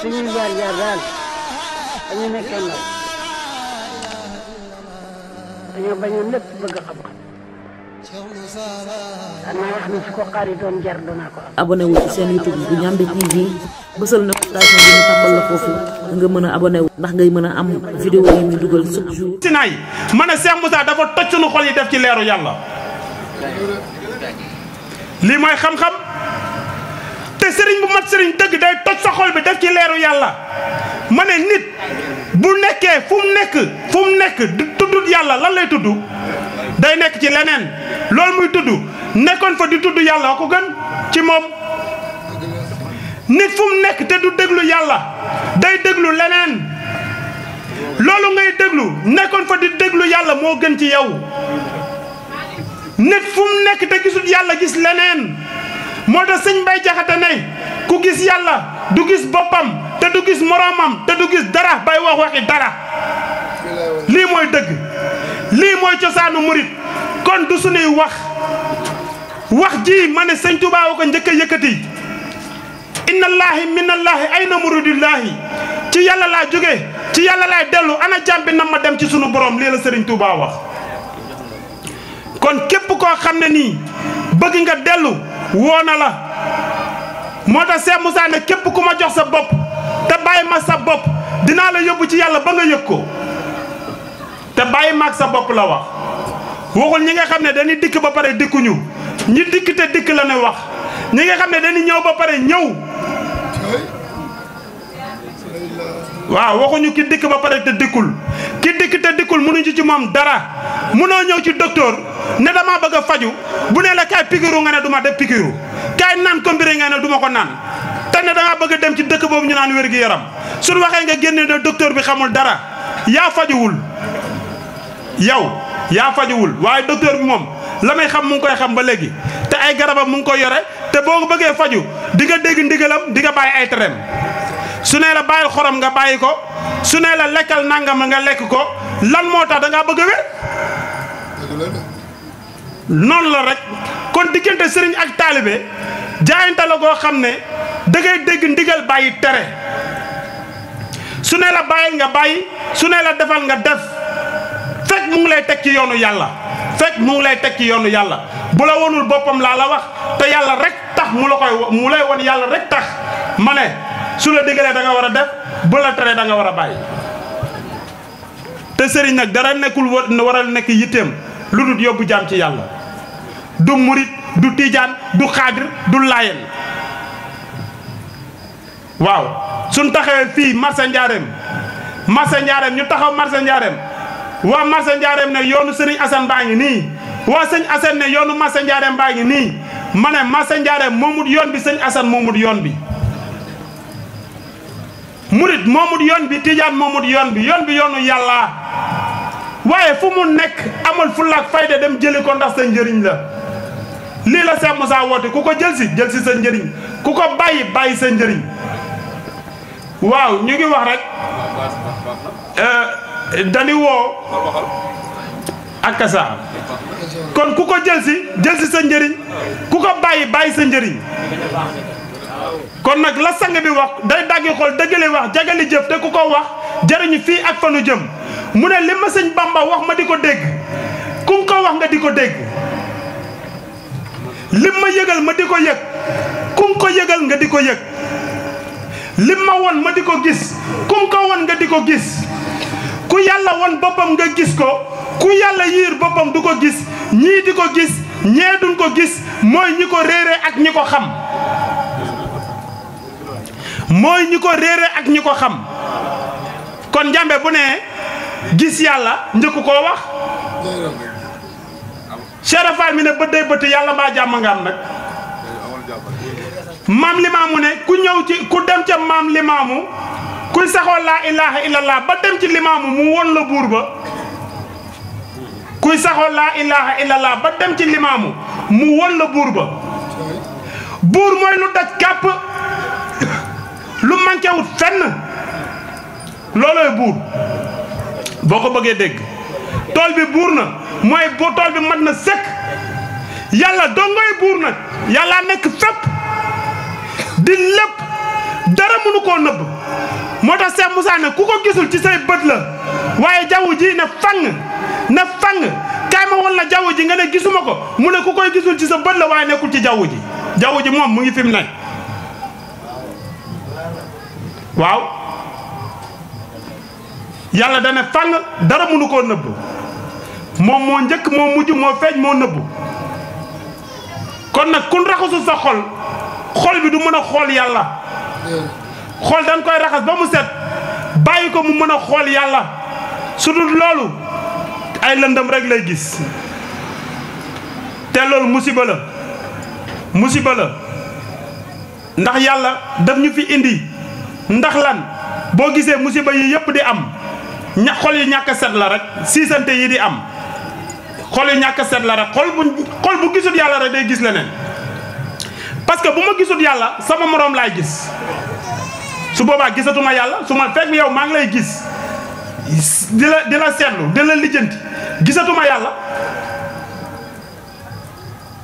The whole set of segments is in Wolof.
suñuy jaar jaar daal dañu nekkee ndaw dañoo bañoon lépp bëgg xam-xam xanaa wax ni su ko xaaritoon jar doonaa seen YouTube bu Ndiamé TV bësal na station nga mën a abonné wu ndax ngay mën a am vidéo yi ñu dugal chaque jour. sinaay ma ne Cheikh Moussa dafa toj sunu xol yi def ci leeru yàlla lii mooy xam-xam. te sëriñ bu sëriñ dëgg day toj sa xol bi def ci leeru ne nit bu nekkee fu mu nekk fu yàlla lan lay tudd day nekk ci leneen loolu muy nekkoon fa di tudd yàlla ko gën ci moom nit fu nekk te du déglu yàlla day déglu leneen loolu ngay déglu nekkoon fa di déglu yàlla moo gën ci yow nit fu mu nekk te gisul yàlla gis leneen moo tax sëñ Mbay Jaxate ne ku gis yàlla du gis boppam te du gis moroomam te du gis dara bay wax waxi dara lii mooy dëgg lii mooy cosaanu murit kon du sunuy wax wax ji ma ne sëñ Tuubaa ko njëkk a yëkkati inna allaahi minallaahi ay na muridillaahi ci yàlla laa jóge ci yàlla laay dellu ana jàmbi nam ma dem ci sunu borom lii la sëriñ Tuubaa kon képp koo xam ne nii bëgg nga dellu woo na la moo tax Cheikh Moussa képp ku ma jox sa bopp te bàyyi ma sa bopp dinaa la yóbbu ci yàlla ba nga yëg ko te bàyyi ma sa bopp la wax waxul ñi nga xam ne dañuy dikk ba pare dikkuñu ñi dikk te dikk la ne wax ñi nga xam ne dañuy ñëw ba pare ñëw waaw waxuñu ki dikk ba pare te dikkul ki dikk te dikkul mënuñu ci moom dara mënoo ñëw ci docteur ne dama bëgg a faju bu ne la kaay pikiru nga ne duma ma def pikiru kaay naan kombiré nga ne duma ko naan te ne dama bëgg dem ci dëkk boobu ñu naan wér gi yaram suñ waxee nga génne ne docteur bi xamul dara yaa fajuwul yow yaa fajuwul waaye docteur bi moom la may xam mu ngi koy xam ba léegi te ay garabam mu ngi koy yore te boo bëggee faju di nga dégg ndigalam di nga bàyyi ay tereem su nee la bàyyi xorom nga bàyyi ko su nee la lekkal nangam nga lekk ko lan moo tax dangaa bëgg a wér noonu la rek kon diggante sëriñ ak taalibe jaayante la goo xam ne da ngay dégg ndigal bàyyi tere su ne la bàyyil nga bàyyi su nee la defal nga def fekk mu ngi lay teg ci yoonu yàlla fekk mu ngi lay teg ci yoonu yàlla bu la wonul boppam laa la wax te yàlla rek tax mu la koy mu lay won yàlla rek tax ma ne sulu la da nga wara def bu la teree da nga wara bay bàyyi te sëriñ nak dara nekul waral nek yitteem lu dul jam ci yalla du murit du tidian du khadir du layel waw sun taxawee fi marsa njaareem marsa njaareem ñu taxaw marsa njaareem wa marsa njaareem ne yoonu sëriñ Assane baa ni wa waa Assane ne yoonu marsa njaareem baa ni mané marsa ne momut yoon bi sëñ Assane momut yoon bi murit moomut yoon bi tijaan moomut yoon bi yoon bi yoonu yàlla waaye fu mu nekk amal fullaak fayda dem jëli ko ndax sa la lii la Cheikh Moussa woote ku ko jël si jël si sa njëriñ ku ko bàyyi bàyyi sa njëriñ waaw ñu ngi wax rek eh, dani woo ak kon ku ko jël si jël si sa njëriñ ku ko bàyyi bàyyi sa njëriñ kon nak la sang bi wax day dagge xol dëggale wax jagali jëf te kuko wax jarignu fi ak fanu jëm mune li ma Bamba wax ma diko deg kum ko wax nga diko deg dégg lim ma yëgal ma di ko yëg ko nga diko yek lim ma won ma di gis kum ko won nga diko gis ku yalla won bopam nga gis ko ku yalla yir bopam du gis ñi di gis ñe duñ ko gis moy ñiko ko ak ñiko ham xam mooy ñi ko réere ak ñi ko xam kon njàmbe bu ne gis yàlla njëkk koo wax Cheikh Fall mi ne bët day bët yàlla mbaa jàmm nga am nag maam limaamu ne ku ñëw ci ku dem ca maam limaamu kuy saxoo laa ilaha illallah ba dem ci limaamu mu won la buur ba kuy saxoo laa ilaha illallah ba dem ci limaamu mu won la buur ba buur mooy lu daj kàpp lu manqué wut fenn loolooy buur boo ko bëggee dégg tool bi buur na mooy boo tool bi mat na sëkk yàlla dongoy buur nag yàlla nekk fépp di lépp dara mënu koo nëbb moo tax Cheikh Moussa ne ku ko gisul ci say bët la waaye jaww ji ne fang ne fang kaay ma woon la jaww ji nga ne gisuma ko mu ne ku koy gisul ci sa bët la waaye nekkul ci jaww ji jaww ji moom mu ngi fi mu waaw yàlla dana fàng dara mënu koo nëbb moom moo njëkk moo mujj moo feeñ moo nëbb kon nag kun raxasul sa xol xol bi du mën a xool yàlla xool dañ koy raxas ba mu set bàyyi ko mu mën a xool yàlla su dul loolu ay lëndëm rek lay gis te loolu musiba la musiba la ndax yàlla daf ñu fi indi ndax lan bo gisee musiba yi yépp di am ña xol yi ñàkk set la rek siisante yi di am xol yi ñàkk set la rek xol bu xol bu gisut yàlla rek day gis leneen parce que bu ma gisut yàlla sama morom lay gis su boobaa gisatuma yàlla su ma fekk yow maa ngi lay gis di la di la seetlu di la lijjanti gisatuma yàlla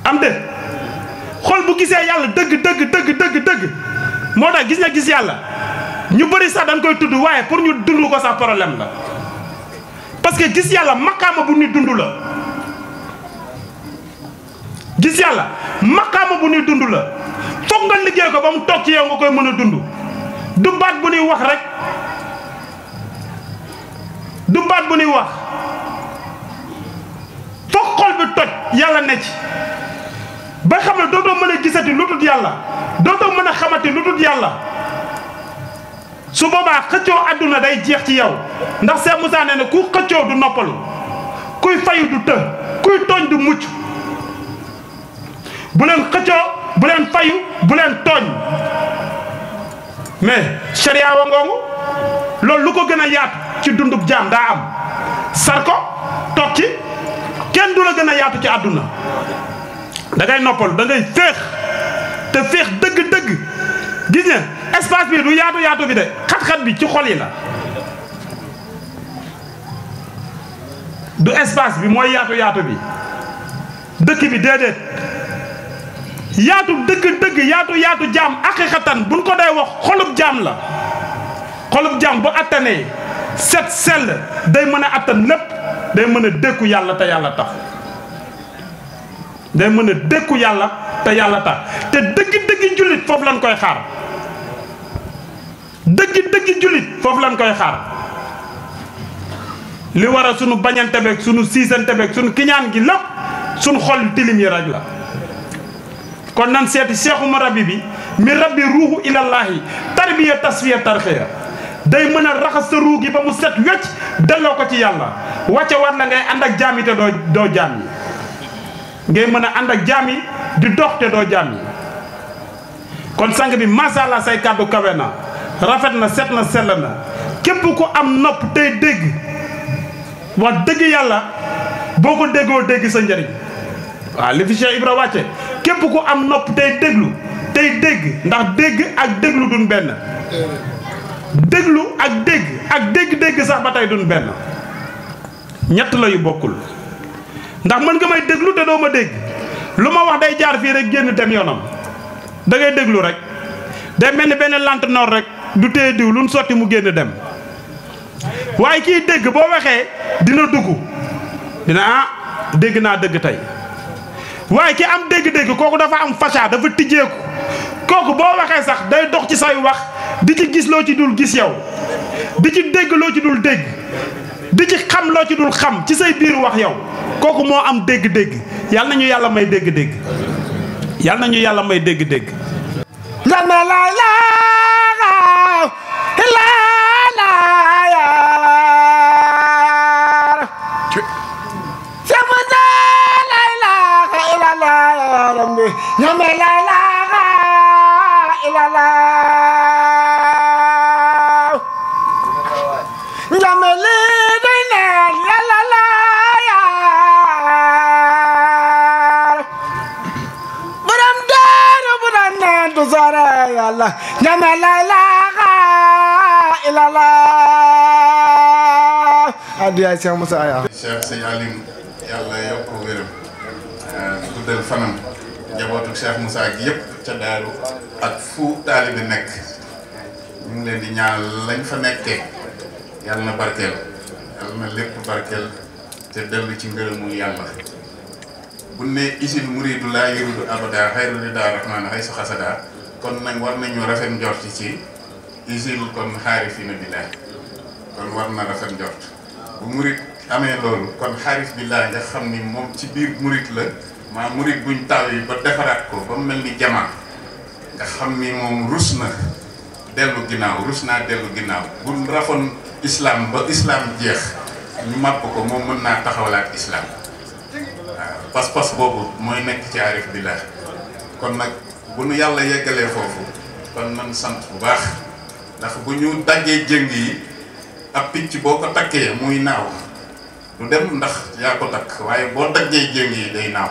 am de xol bu gisee yàlla dëgg dëgg dëgg dëgg dëgg moo tax gis nga gis yàlla ñu bari sax dañ koy tuddu waye pour ñu dund ko sax problème la parce que gis yalla makama bu ñu dund la gis yalla makama bu ñu dund la foog nga liggéey ko bam tok ci yow nga koy mëna a dund du baat bu ñuy wax rek du baat bu ñuy wax foog xol bi toj yalla ne ci ba xam ne do mën gisati lu yalla do do mëna xamati lu yalla su boobaa xëccoo àdduna day jeex ci yow ndax Cheikh Moussa nee na ku xëccoo du noppalu kuy fayu du të kuy tooñ du mucc bu leen xëccoo bu leen fayu bu leen tooñ mais sharia wa ngoongu loolu lu ko gën a yaatu ci dundub jaam daa am sar ko toog ci kenn du la gën a yaatu ci àdduna dangay ngay noppalu da ngay féex te féex dëgg-dëgg gis nga espace bi du yaatu yaatu bi de xat-xat bi ci xol yi la du espace bi mooy yaatu yaatu bi dëkk bi déedéet yaatu dëgg dëgg yaatu yaatu jaam aqiqatan buñ ko dee wax xolub jaam la xolub jaam bu attanee set sel day mën a attan lépp day mën a dëkku yàlla te yàlla tax day mën a dëkku yàlla te yàlla tax te dëgg dëgg jullit foofu lañ koy xaar deug deug julit foflan lañ koy xaar li wara suñu sunu bañante bek sunu sisante bek sunu kiñaan gi lepp suñu xol tilim yi rek la kon nan seti cheikh ma rabbi bi mi rabbi ila allah tarbiya tasfiya tarxiya day meuna a raxas sa ruu gi ba mu set wetch delloo ko ci yalla wacce war na ngay ak te do ngay meuna di dox te do jami kon sang bi say kawena rafet na set na sell na képp ku am nopp tey dégg wax dëgg yàlla boo ko déggoo dégg sa njëriñ waaw li fi Cheikh Ibra wàcce képp ku am nopp tey déglu tey dégg ndax dégg ak déglu duñ benn déglu ak dégg ak dégg-dégg sax ba tey duñ benn ñett la yu bokkul ndax mën nga may déglu te doo ma dégg lu ma wax day jaar fii rek génn dem yoonam da ngay déglu rek day mel ni benn lante noor rek du tee diw lu nu sotti mu génn dem waaye kii dégg boo waxee dina dugg dina a ah, dégg naa dégg tey waaye ki am dégg-dégg kooku dafa am faca dafa tijjeeku kooku boo waxee sax day dox ci say wax di ci gis loo ci dul gis yow di ci dégg loo ci dul dégg di ci xam loo ci dul xam ci say biiru wax yow kooku moo am dégg-dégg yàlla na ñu yàlla may dégg-dégg yal na ñu yàlla may dégg-dégg. Nama la ilaha illallah. Adiya Cheikh Moussa Aya. Cheikh Sëñ Alim yàlla yokk wéram guddal fanam njabootu Cheikh Moussa gi yëpp ca daaru ak fu taalibe nekk ñu ngi leen di ñaan lañ fa nekkee eh. yàlla ya na barkeel yàlla ya na lépp barkeel te dellu ci ngërëmu yàlla. Ya bu ne isil muridu laa yuridu abada xayru rida rahmaana ay sa xasada kon nag war nañu rafet njort ci usine kon xaarifina billaahi kon war na rafet njort bu murit amee loolu kon xaarif billaahi nga xam ni moom ci biir murit la maa murit buñ taw yi ba defaraat ko ba mel ni jamaa nga xam ni moom rus na dellu ginnaaw rus naa dellu ginnaaw bu rafoon islaam ba islam jeex ñu màpp ko moom mën naa taxawalaat islam waaw pas-pas boobu mooy nekk ci aarif billaahi kon nag bu nu yàlla yeggalee foofu kon man sant bu baax ndax bu ñu daggee jëng yi ab picc boo ko takkee muy naaw du dem ndax yaa ko takk waaye boo daggee jëng yi day naaw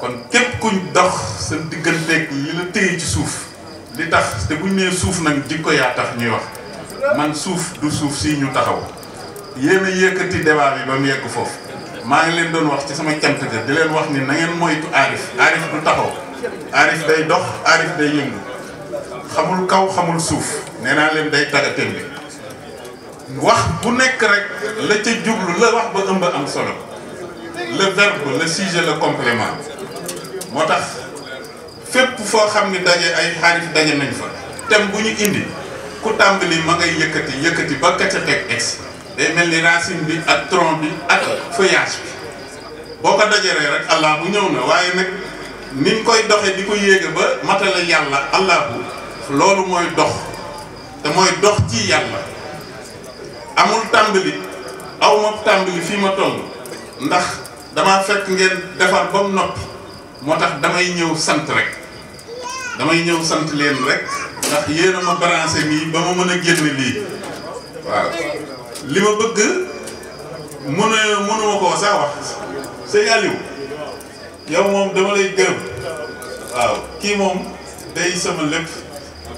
kon képp ku dox sa digganteeg li la téye ci suuf li tax te buñ nee suuf nag jikko yaa tax ñuy wax man suuf du suuf si ñu taxaw yéen a yëkkati débat yi ba mu yegg foofu maa ngi leen doon wax ci sama cant di leen wax ni na ngeen moytu aarif aarif du taxaw Arif day dox Arif day yëngu xamul kaw xamul suuf nee naa leen day tagga tembe wax bu nekk rek la ca jublu la wax ba ëmb am solo le verbe le sujet le complément moo tax fépp foo xam ni daje ay xaarif daje nañ fa thème bu ñu indi ku li ma ngay yëkkati yëkkati ba ka ca teg ex day mel ni racine bi ak tronc bi ak feuillage bi boo ko dajeree rek allah bu ñëw na waaye nag niñ koy doxe di ko yéege ba matale yàlla allahu loolu mooy dox te mooy dox ci yàlla amul tàmbali aw ma tàmbali fii ma toll ndax damaa fekk ngeen defar ba mu noppi moo tax damay ñëw sant rek damay ñëw sant leen rek ndax yéen a ma branché mii ba ma mën a génn lii waaw li ma bëgg mënu mënuma koo sax wax sëñ yow moom dama lay gërëm waaw kii moom day sama lépp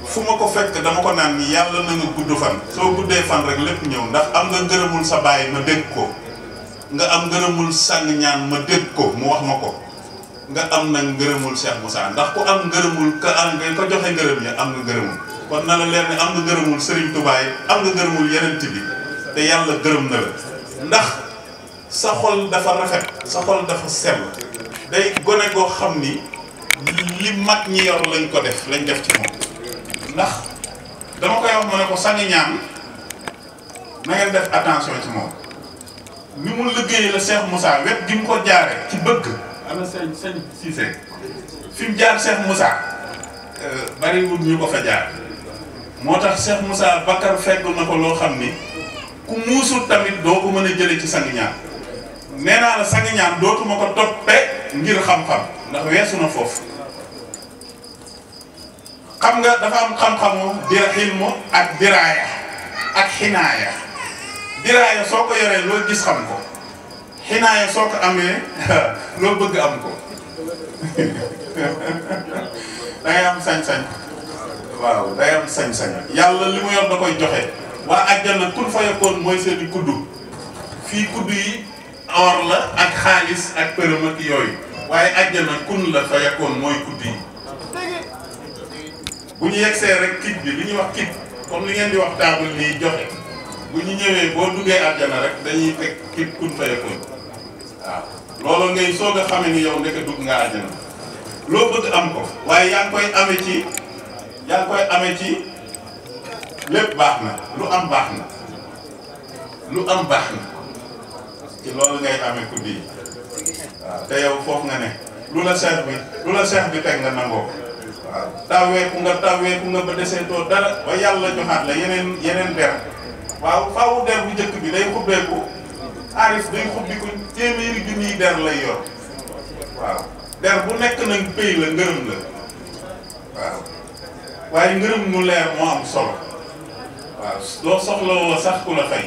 fu ma ko fekk dama ko naan yàlla na nga gudd fan soo guddee fan rek lépp ñëw ndax am na ngërëmul sa baay ma dégg ko nga am ngërëmul sàng ñaan ma dégg ko mu wax ma ko nga am nag ngërëmul bu saa ndax ku am ngërëmul ka am nga ko joxe ngërëm ya am nga ngërëmul kon na la leer ne am nga ngërëmul Serigne Touba yi am na ngërëmul yeneen bi te yàlla gërëm na la ndax sa xol dafa rafet sa xol dafa sell day gone goo xam ni li mag ñi yor lañ ko def lañ def ci moom ndax dama ko wax ma ne ko sànni ñaan na def attention ci moom ni mu liggéeyee la Cheikh Moussa wet gi mu ko jaar ci bëgg am na sëñ sëñ Cissé fi mu jaar Cheikh Moussa euh, bariwul ñu ko fa jaar moo tax Cheikh Moussa Bakar fekk na ko loo xam ni ku muusul tamit doo ko mën a jële ci sangi ñaan nee naa la sangi ñaan dootuma ko toppee ngir xam-xam ndax weesu na foofu xam nga dafa am xam-xamu dira xilmu ak diraaya ak xinaaya diraaya soo ko yoree loo gis xam ko xinaaya soo ko amee loo bëgg am ko dangay am sañ-sañ waaw day am sañ-sañ yàlla li mu yor da koy joxe waa àjjana kun fa yakkoon mooy seeni kuddu fii kuddu yi or la ak xaalis ak përëm waaye àjjana kun la fa yakkoon mooy kuddi bu ñu yegsee rek kit bi li ñuy wax kit comme li ngeen di wax table nii joxe bu ñu ñëwee boo duggee àjjana rek dañuy teg kit kun fa yakkoon waaw loolu ngay soog a xame yow ndeke dugg nga àjjana loo bëgg am ko waaye yaa ngi koy amee ci yaa ngi koy amee ci lépp baax na lu am baax na lu am baax na ci loolu ngay amee ku di waaw te yow foofu nga ne lu la seex bi lu la seex bi teg nga nangoo waaw tawweeku nga tawweeku nga ba deseetoo dara ba yàlla joxaat la yeneen yeneen der waaw faawu der bu njëkk bi day xubbeeku arif day xubbi ko téeméeri junniy der lay yor waaw der bu nekk nag pay la ngërëm la waaw waaye ngërëm mu leer moo am solo waaw doo soxla woo sax ku la fay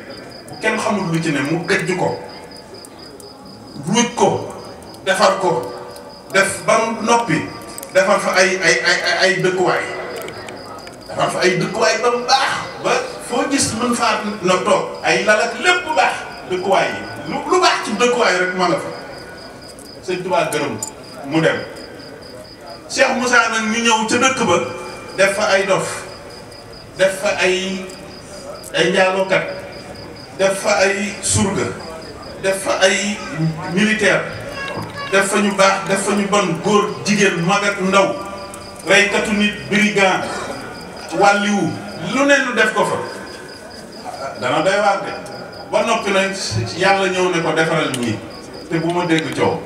kenn xamul lu ci ne mu dëjj ko ruuj ko defar ko def ba noppi defar fa ay ay ay ay dëkkuwaay defar fa ay dëkkuwaay ba mu baax ba foo gis mën faa na toog ay lal ak lépp bu baax dëkkuwaay yi lu lu baax ci dëkkuwaay rek ma nga fa sëñ Tuubaa gërëm mu dem Cheikh Moussa nag ñu ñëw ca dëkk ba def fa ay dof def fa ay ay njaalookat def fa ay surga def fa ay militaire def fa ñu baax def fa ñu bon góor jigéen mag ak ndaw reykatu nit brigand wàlliwu lu ne lu def ko fa dana doy waar de ba noppi nañ yàlla ñëw ne ko defaral ñii te bu ma dégg coow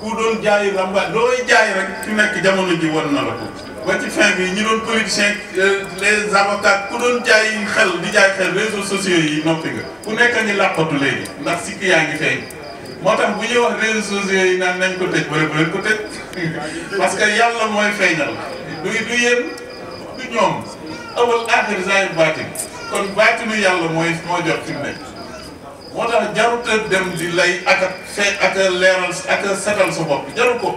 ku doon jaayi ramba looy jaay rek ki nekk jamono ji wan na la ko ba ci fin bi ñu doon politicien euh, les avocats ku doon jaay xel di jaay xel réseaux sociaux yi noppi nga ku nekk ngi làqatu léegi ndax sikk yaa ngi feeñ moo tax bu ñuy wax réseaux sociaux yi naan nañ ko tëj wala bu ko tëj parce que yàlla mooy feeñal du du yéen du ñoom awal aaxir zaahir baatin kon baatinu yàlla mooy moo jot fi moo tax jarut a dem di lay ak a fe ak a leeral ak a setal sa bopp ko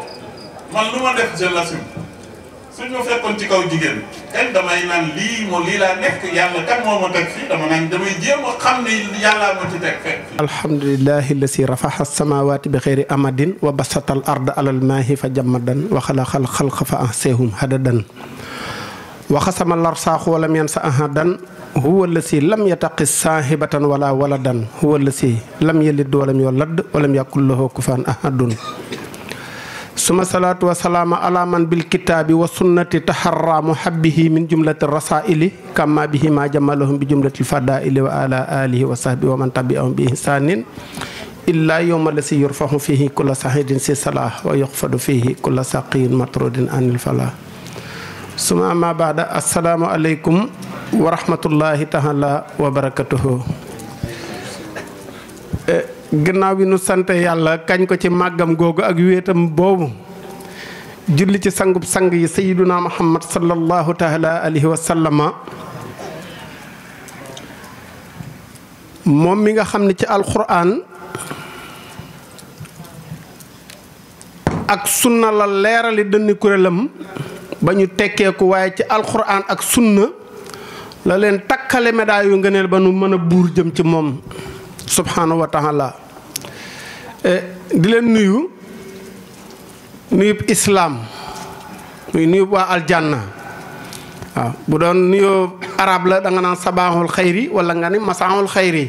man lu ma def je suñu fekkon ci kaw jigen kenn damay nan li mo li la nek yàlla kan mo mo tek fi dama nan damay jëm a xam ne yàllaa ma ci tek fek alhamdulillahi allasi as samawati bi khairi amadin wa basata al ard al maahi fa jamadan wa khalaqa al khalqa fa ahsahum hadadan wa khasama al wa lam yansa ahadan هو الذي لم يتق صاحبة ولا ولدا هو الذي لم يلد ولم يولد ولم يكن له كفوا أحد suma salaatu wa salaama ala man bil kitaabi wa sunnati taharra muhabbihi min jumlati rasaili kama bihi ma jamalahum bi jumlati fadaili wa ala alihi wa sahbi wa man tabi'ahum bi ihsanin illa yowma lasi yurfahu fihi kulla sahidin si salah wa yuqfadu fihi kulla saqiyin matrudin anil falah suma ama baada assalaamu aleykum wa rahmatullahi taala wa barakatuhu gannaaw bi nu sante yàlla kañ ko ci màggam googu ak wéetam boobu julli ci sangub sang yi sayiduna muhammad sallallahu taala alayhi wa sallama moom mi nga xam ne ci alquran ak sunna la leerali dënni kuréelam ba ñu tekkeeku waaye ci alxuraan ak sunna la leen takkale médaille yu ngëneel ba nu mën a buur jëm ci moom subhanahu wa taala eh, di len nuyu Islam, islaam nuyu wa waa aljanna waaw bu don nuyu arab la da nga nan sabahul khairi wala nga ni masahul khairi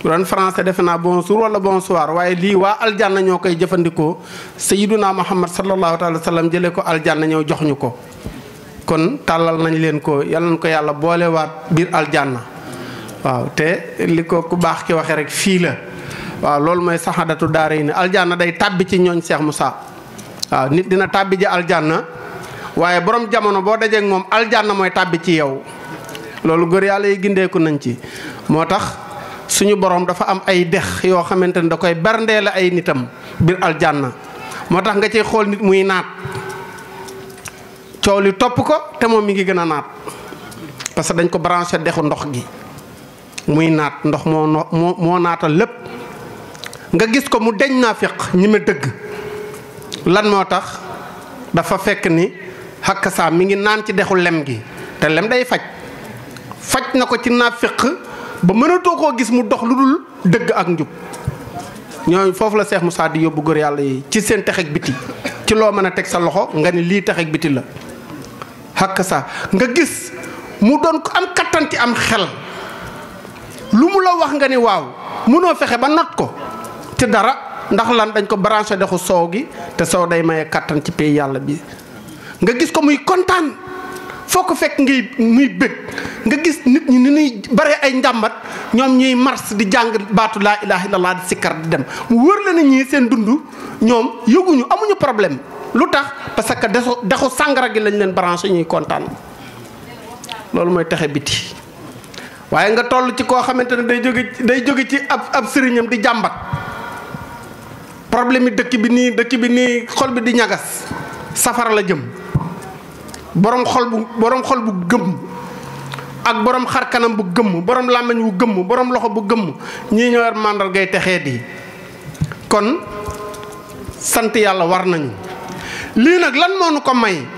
bu don français def na bonjour wala bonsoir waye li wa aljanna muhammad sallallahu taala Wasallam sallam ko aljanna ñew jox ñuko kon talal nañ len ko yal nañ ko yàlla boolewaat aljanna waaw te liko ko ku baax ki waxe rek fii la waaw loolu mooy saxadatu daara aljanna day tàbbi ci ñooñ Cheikh Moussa waaw nit dina tàbbi ji aljanna waaye borom jamono boo dajeeg moom aljanna mooy tàbbi ci yow loolu gor yàlla yi gindeeku nañ ci moo suñu borom dafa am ay dex yoo xamante ne da koy berndee ay nitam bir aljanna moo tax nga ciy xool nit muy naat coow li topp ko te moom mi ngi gën a naat parce que dañ ko branché dexu ndox gi muy naat ndox moo moo moo naatal lépp nga gis ko mu deñ naa féq ñi ma dëgg lan moo tax dafa fekk ni xakk saa mi ngi naan ci dexu lem gi te lem day faj faj na ko ci naa féq ba mënatoo koo gis mu dox lu dul dëgg ak njub ñooñu foofu la Seex Musaa di yóbbu góor yàlla yi ci seen texeg biti ci loo mën a teg sa loxo nga ni lii texeg biti la xakk nga gis mu doon ko am kattan ci am xel lumu la wax nga ni waw munoo fexé ba nat ko ci dara ndax lan dañ ko branché dexu soow gi te soow day maye katan ci pay yalla bi nga gis ko muy contane foko fek fekk muy bëgg nga gis nit ñi ni ñuy bare ay ndambat ñom ñuy mars di jang baatu la ilaha illallah di sikkar di dem mu wër la ne ñii seen dund ñoom yëguñu amuñu problème lutax parce que dexu sangara gi lañ leen branché ñuy contane moy taxé biti waye nga tollu ci ko xamante day joge day joge ci ab ab serignam di jambat problème dekk bi ni dekk bi ni xol bi di ñagas safara la jëm borom xol bu borom xol bu gëm ak borom xar kanam bu gëm borom lamagne bu gëm borom loxo bu gëm ñi ñoo war gay texee di kon sante yalla war nañu li nak lan moonu nu ko may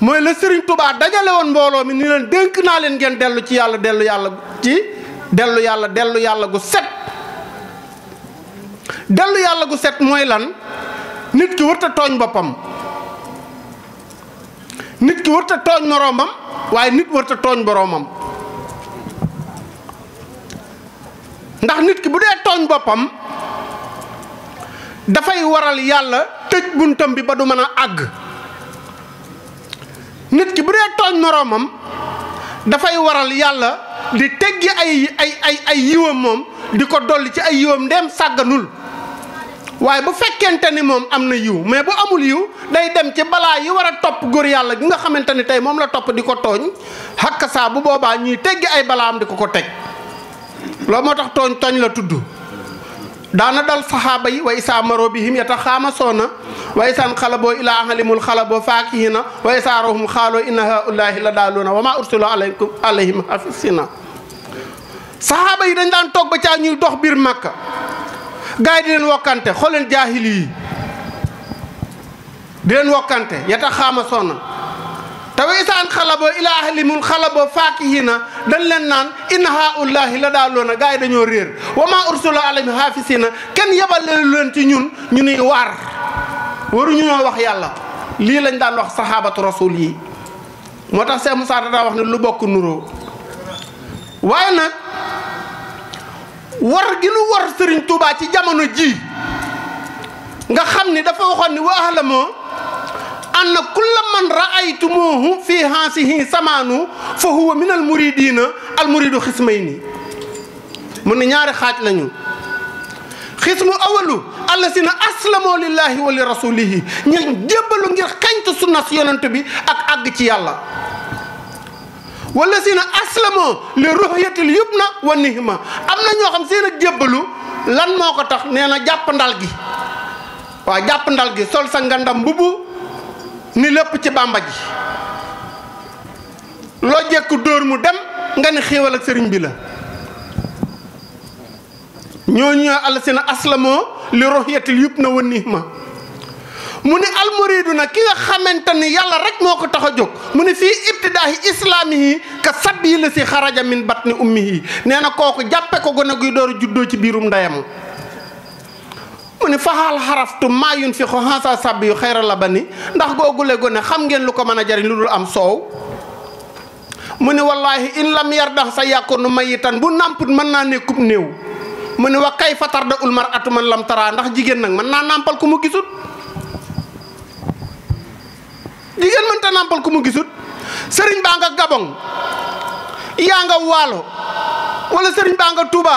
moy le Serigne Touba dajale won mbolo mi ni len denk na len ngeen delu ci yalla delu yalla ci delu yalla delu yalla gu set. delu yalla gu set moy lan nit ki wërta togn bopam nit ki wërta togn moroomam waye nit wërta togn boromam ndax nit ki budé togn bopam da fay waral yalla tëj buntam bi ba du meuna ag nit ki bu dee tooñ moroomam dafay waral yàlla di teggi ay ay ay ay yiwam moom di ko dolli ci ay yiwam ndeem sàgganul waaye bu fekkente ni moom am na yiw mais bu amul yiw day dem ci balaa yi war a topp góor yàlla gi nga xamante ni tey moom la topp di ko tooñ xakk bu boobaa ñuy teggi ay balaa am di ko ko teg loo moo tax tooñ tooñ la tudd daana dal saxaaba yi wa isaa maro bihim yataxaamasoona wa isaan xalaboo ilaa ahalimul xalaboo faakihina wa isaa rohum xaaloo inna haulaahi la daaluuna wa maa ursilu alaykum alayhim hafisina saxaaba yi dañ daan toog ba caa ñuy dox biir màkka gars yi di leen wokkante xooleen jaahili yi di leen wokkante yataxaamasoona te waysaan xalabo ila ahlimum xalabo faakihina dañ leen naan inna haullahi la daaloona gars yi dañoo réer wa ma ursula alayhim haafisina kenn yebale leen ci ñun ñu nuy waar waruñu wax yàlla lii lañ daan wax sahabatu rasul yi moo tax Cheikh musaa daa wax ne lu bokk nuroo waaye nag war gi nu war Serigne Touba ci jamono jii nga xam ni dafa waxoon ni wa ahlamoo anna kulla man raaytumuhu fi haasihi samaanu fa huwa min al muridina al muridu xismayni mu ne ñaari xaaj lañu xismu awalu allasina aslamoo lillahi wa li rasulihi ñu jébbalu ngir xeñtu sunna si yonent bi ak àgg ci yàlla wala sina aslamoo li ruhyatil yubna wa nihma am na ñoo xam seen ak jébbalu lan moo ko tax nee na jàpp ndal gi waaw jàpp ndal gi sol sa ngandam mbubu ni lépp ci bàmba ji loo jekk dóor mu dem nga ni xéewal ak sëriñ bi la ñooñu ñoo àll si na aslamoo li ruhyatil yub na wan ma mu ni almuridu na ki nga xamante ni yàlla rek moo ko tax a jóg mu ni fii ibtidaahi islaami yi ka sab yi la si xaraja min ni ummi yi nee na kooku jàppe ko gone guy door a juddoo ci biirum ndeyam ku ni faxaal xaraftu maayun fi xo xansa sàbb yu xayra la ba ni ndax googule gone xam ngeen lu ko mën a jariñ lu dul am soow mu ni wallaahi in lam yar dax sa yàkkoonu mayitan bu nàmput mën naa nekkub néew mu ni wa kay fatar da ul lam taraa ndax jigéen nag mën naa nàmpal ku mu gisut jigéen mënta nàmpal ku mu gisut sëriñ baa nga gabon yaa nga waalo wala serigne ba nga Touba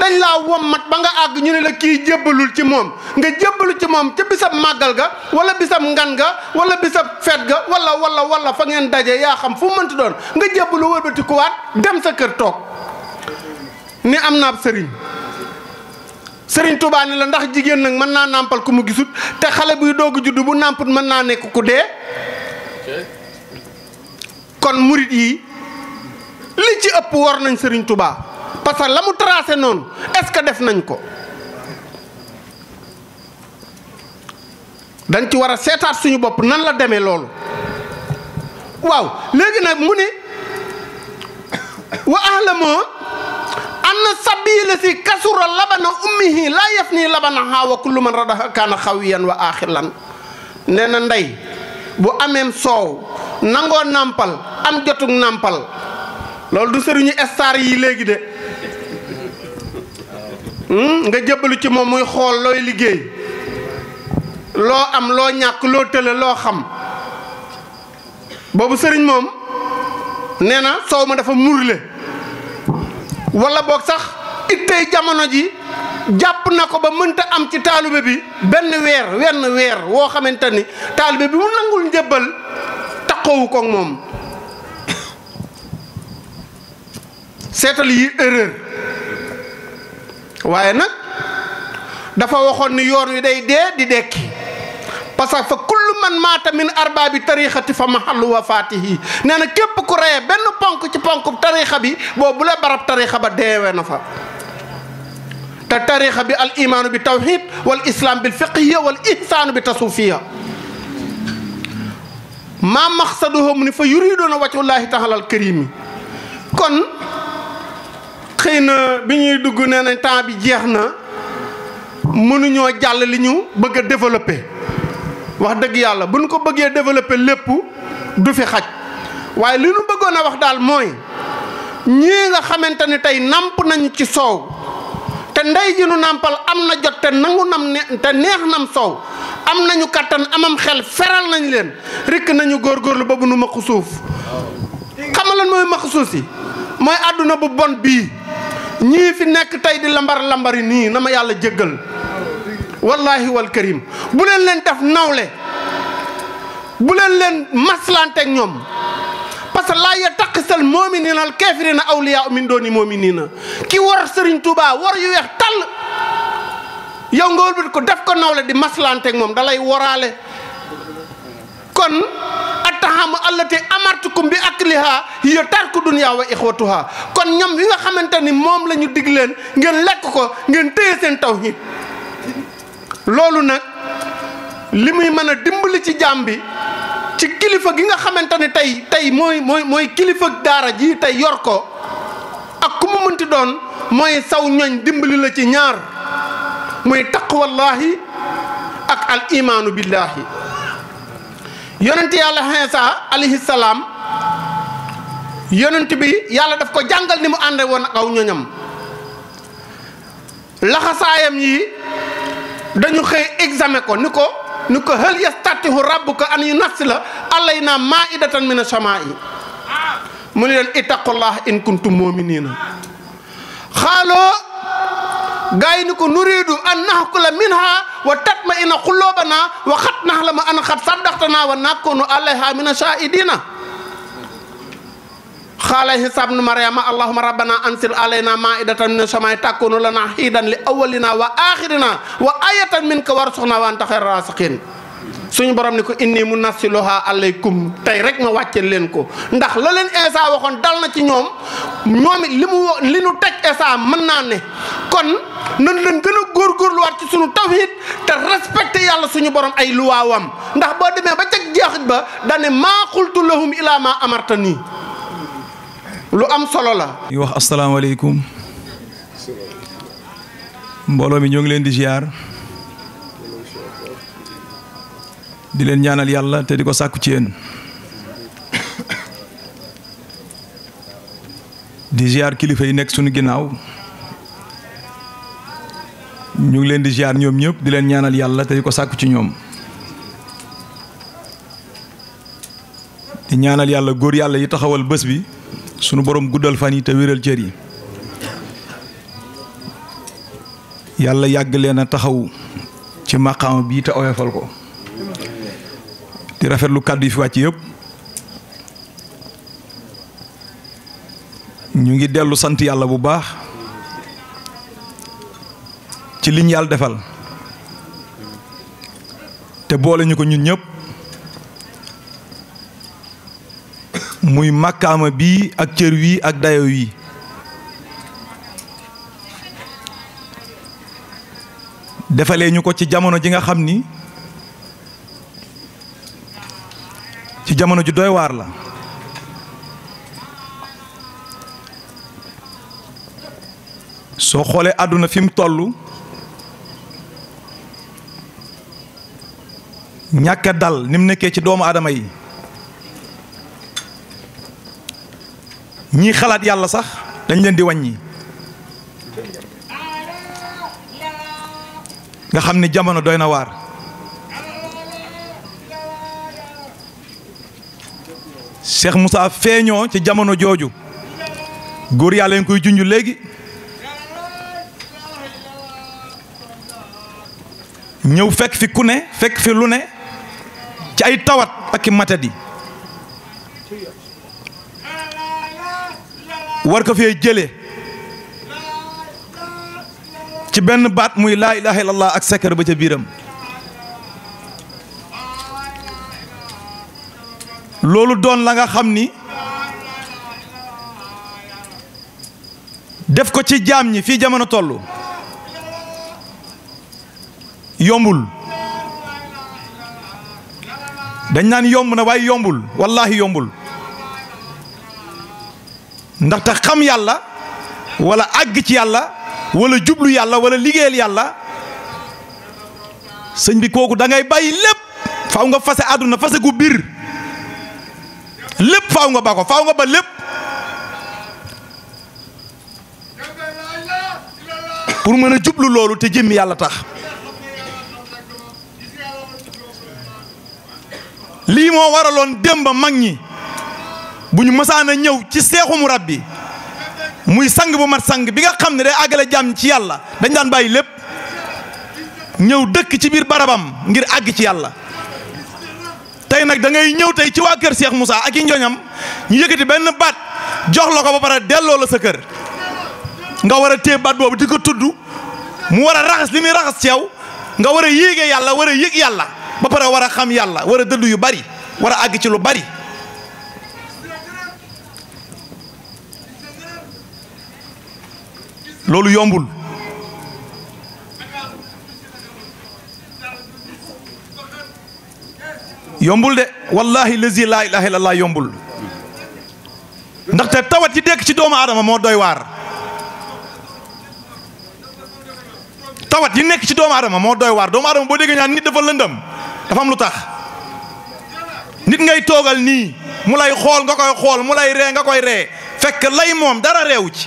dañ wom mat ba nga ag ñu ne la ki jébbalul ci mom nga jébbalu ci mom ci bisab magal ga wala bisab ngan ga wala bisab fet ga wala wala wala fa ngeen dajé ya xam fu mënti doon nga jébbalu ku dem sa kër tok ni amna naa ab sëriñ sëriñ Touba ni la ndax jigéen nak mën na nampal ku mu gisut te xalé bu dogu juddu bu nampul mën na nek ku dé kon murit yi li ci ëpp war nañ sëriñ Touba parce que la mu tracé noonu est-ce def nañ ko dañ ci war a seetaat suñu bopp nan la demee loolu waaw léegi nag mu ne wa ahlamoo anna sabila si kasura labana ummihi laa yaf nii labana xaawa kullu man radaha kaana xawiyan wa aaxilan nee na ndey bu ameem soow nangoo nàmpal am jotug nàmpal loolu du sëriñu star yi léegi de hmm? nga jëbalu ci moom muy xool looy liggéey loo am loo ñàkk loo tële loo xam boobu sëriñ moom nee na soow ma dafa murle wala boog sax it tey jamono ji jàpp na ko ba mënta am ci taalibe bi benn weer wenn weer woo xamante ni taalibe bi mu nangul njëbbal taxawu ko moom seetal yi erreur waye nak dafa waxoon ni yoon wi day de di dekki parce que kullu man mata min arbaabi tariixati fa mahallu wafaatihi nee na képp ku ray ben ponk ci ponk tariixa bi bo bu la barab tariixa ba deewe na fa ta tariixa bi al iman bi tawhid wal islam bil fiqhiya wal ihsan bi tasufiyya ما مقصدهم ni يريدون وجه الله تعالى الكريم kariimi xëy na bi ñuy dugg nee nañ temps bi jeex na mënuñoo jàll li ñu bëgg a wax dëgg yàlla bu ñu ko bëggee développer lépp du fi xaj waaye li ñu bëggoon a wax daal mooy ñii nga xamante ni tey nàmp nañu ci soow te ndey ji nu nàmpal am na jot te nangu nam te neex nam soow am nañu kattan amam xel feral nañ leen rikk nañu góorgóorlu ba bu nu maq suuf xamalan mooy maq suuf si mooy àdduna bu bon bii ñii fi nekk tey di lambar lambari nii na ma yàlla jéggal wallahi wal karim bu leen leen def nawle bu leen leen maslanteeg ñoom parce que laa yataqisal mu'minina al kafirina awliya min dooni mu'minina ki war Serigne Touba war yu weex tàll yow nga wëlbati ko def ko nawle di maslanteeg moom dalay woraale kon maaxamu allati amartukum bi akliha hiya tarku dunya wa ixwatuha kon ñam yi nga xamante ni moom lañu ñu ngeen lekk ko ngeen téye seen taw tawhid loolu nag li muy mën a dimbali ci jaam bi ci kilifa gi nga xamante ni tey tey mooy mooy kilifa daara ji tey yor ko ak ku mu mënti doon mooy saw ñoñ dimbali la ci ñaar muy taqwallahi ak al imaanu billahi yonent yàlla Iisaa alayhi salaam yonent bi yàlla def ko jàngal ni mu ànde woon ak aw ñoñam laxasaayam yi dañu xëy examen ko ni ko ni ko yu hal yastatihu rabbuka an yunazzila alaynaa maa'idatan mina samaa'i mu ni leen ittaqullaah in kuntum mu'miniina xaaloo gayni ko nuridu an nahkula minha wa tatma ina qulubana wa qad nahlama an qad saddaqtana wa nakunu alayha min shahidina قال عيسى ابن مريم اللهم ربنا انزل علينا مائدة من السماء تكون لنا عيدا لاولنا واخرنا وآية منك وارزقنا وانت خير الرازقين suñu borom ni ko inni mu alaykum tay rek ma wàcce len ko ndax la len Esa waxon dal na ci ñom ñoom limu li nu teg Esa mën ne kon nan leen gor lu góorgóorluwaat ci suñu tawhid te respecté yalla suñu borom ay luwaawam ndax bo demee ba ca jeexit ba dane ma xultu lahum ila ma amartani lu am solo la. yi wax alaykum mbolo mi ñoo ngi leen di ziar. di leen ñaanal yàlla te di ko sàkku ci yéen di ziar kilifa yi nekk sunu ginnaaw ñu ngi leen di ziar ñoom ñëpp di leen ñaanal yàlla te di ko sàkku ci ñoom di ñaanal yàlla góor yàlla yi taxawal bés bi sunu borom guddal fan yi te wéral cër yi yàlla yàgg leen a taxaw ci maqaam bii te oyofal ko di rafetlu kàddu yi fi wàcc yëpp ñu ngi dellu sant yàlla bu baax ci liñ yàlla defal te boole ñu ko ñun ñëpp muy màkkaama bii ak cër wi ak dayo wii defalee ñu ko ci jamono ji nga xam ni jamono ju doy waar la soo xoolee àdduna fi mu toll ñàkk dal nim nekkee ci doomu aadama yi ñii xalaat yàlla sax dañ leen di wàññi nga xam ni jamono doy na waar Cheikh Moussa feeñoo ci jamono jooju góor yaa leen koy junj léegi ñëw fekk fi ku fekk fi lu ne ci ay tawat ak i matadi war ko fee jëlee ci benn baat muy laa ilaha illallah ak sekar ba ca biiram loolu doon la nga xam ni def ko ci jaam ñi fii jamono toll yombul dañ naan yomb na waaye yombul wallaahi yombul ndaxte xam yàlla walla àgg ci yàlla wala jublu yàlla wala liggéeyal yàlla sëñ bi kooku dangay ngay bàyyi lépp faaw nga fase àdduna fase ku biir lépp faaw nga ba ko faaw nga ba lépp pour mën a jublu loolu te jëmmi yàlla tax lii moo waraloon démb mag ñi bu ñu mësaan ñëw ci seexumu rab bi muy sang bu mat sang bi nga xam ne day àggale jàmm ci yàlla dañ daan bàyyi lépp ñëw dëkk ci biir barabam ngir àgg ci yàlla tey nag dangay ñëw tey ci waa kër Cheikh Moussa ak i njoñam ñu yëkkati benn baat jox la ko ba pare delloo la sa kër nga war a téye baat boobu di ko tudd mu war a raxas li muy raxas ci nga war a yéege yàlla war a yëg yàlla ba pare war a xam yàlla war a dëddu yu bari war a àgg ci lu bari. loolu yombul yombul de wallahi lazi laa ilaha illallah yombul ndaxte tawat yi dekk ci doomu aadama moo doy waar tawat yi nekk ci doomu aadama moo doy waar doomu aadama boo déggee ñaan nit dafa lëndëm dafa am lu tax nit ngay toogal nii mu lay xool nga koy xool mu lay ree nga koy ree fekk lay moom dara reewu ci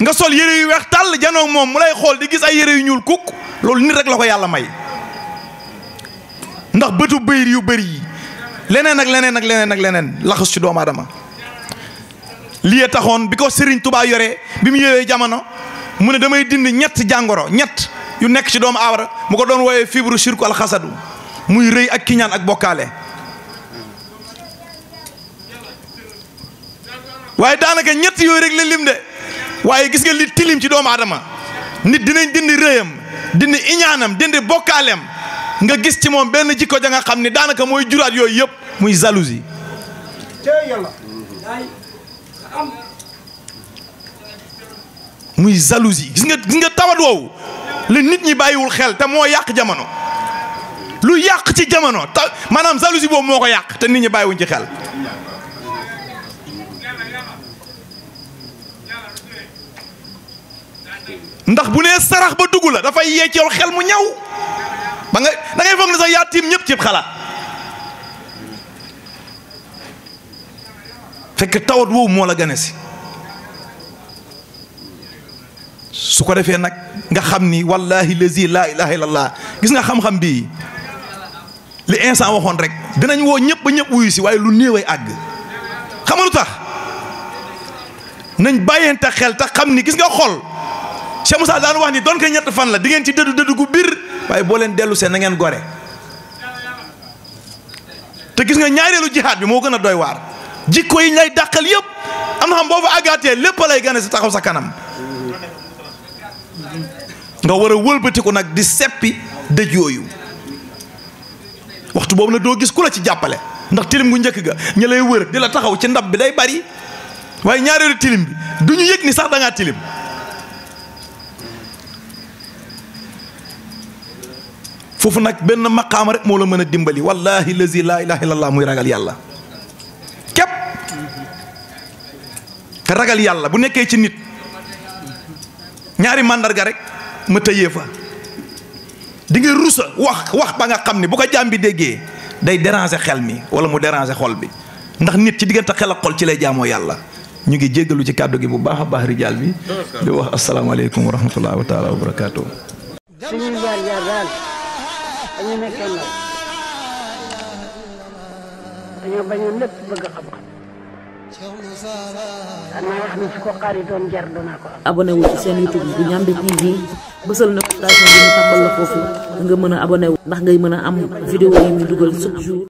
nga sol yére yu weex tàll janoo moom mu lay xool di gis ay yére yu ñuul kukk loolu nit rek la ko yàlla may ndax bëtu bëyir yu bëri yi leneen ak leneen ak leneen ak leneen laxas ci doomu aadama lii taxoon bi ko sëriñ tubaa yoree bi mu yëwee jamono mu ne damay dind ñett jàngoro ñett yu nekk ci doomu aawara mu ko doon woowee fibre shirku alxasadu muy rëy ak kiñaan ak bokkaale. waaye daanaka ñett yooyu rek la lim de waaye gis nga li tilim ci doomu aadama. nit dinañ dindi réyam dindi iñaanam dindi bokkaaleem nga gis ci moom benn jikko ja nga xam ni daanaka mooy juraat yooyu yëpp muy jalousie muy jalousie gis nga gis nga tawat woowu li nit ñi bàyyiwul xel te moo yàq jamono lu yàq ci jamono ta maanaam jalousie boobu moo ko yàq te nit ñi bàyyiwuñ ci xel ndax bu nee sarax ba dugg la dafay yee ci yow xel mu ñaw ba nga da ngay foog ne sax yaa tiim ñëpp cib xalaat fekk tawat woowu moo la gane si su ko defee nag nga xam ni wallahi lazi laa ilaha illallah gis nga xam-xam bii li instant waxoon rek dinañ woo ñépp ba ñëpp wuyu si waaye lu néeway àgg xamalu tax nañ bàyyeen xel te xam ni gis nga xol Cheikh Moussa daan wax ni doon ko ñett fan la di ngeen ci dëddu dëddu gu biir waaye boo leen dellu seen na gore te gis nga ñaareelu jihaat bi moo gën a doy waar jikko yi ñu lay dàqal yëpp am na xam boo fa agaatee lépp lay gane si taxaw sa kanam nga war a wëlbatiku nag di seppi dëj yooyu waxtu boobu nag doo gis ku la ci jàppale ndax tilim gu njëkk ga ña lay wër di la taxaw ci ndab bi day bari waaye ñaareelu tilim bi du ñu yëg ni sax da tilim fofu nak ben maqam rek mo la meuna dimbali wallahi lazi laa ilaha illallah muy ragal yalla kep te ragal yalla bu nekké ci nit ñaari màndarga rek ma teyé fa di nga rousa wax wax ba nga xamni bu ko jambi déggé day déranger xel mi wala mu déranger xol bi ndax nit ci digënta xel ak xol ci lay jamo yalla ñu ngi jéggelu ci cadeau gi bu baax baax rijal bi di wax alaykum wa rahmatullahi wa taala wa barakatuh Jangan lupa like, dañoo nekkee ndaw dañoo bañoon lépp bëgg xam-xam daanaa wax ne su ko xaar yi doon jar danaa ko am. abonné wu ci seen YouTube bu Ndiamé TV bësal notification bi ñu tàmbal la foofu nga mën a abonné wu ndax ngay mën a am vidéo yi ñu dugal chaque jour.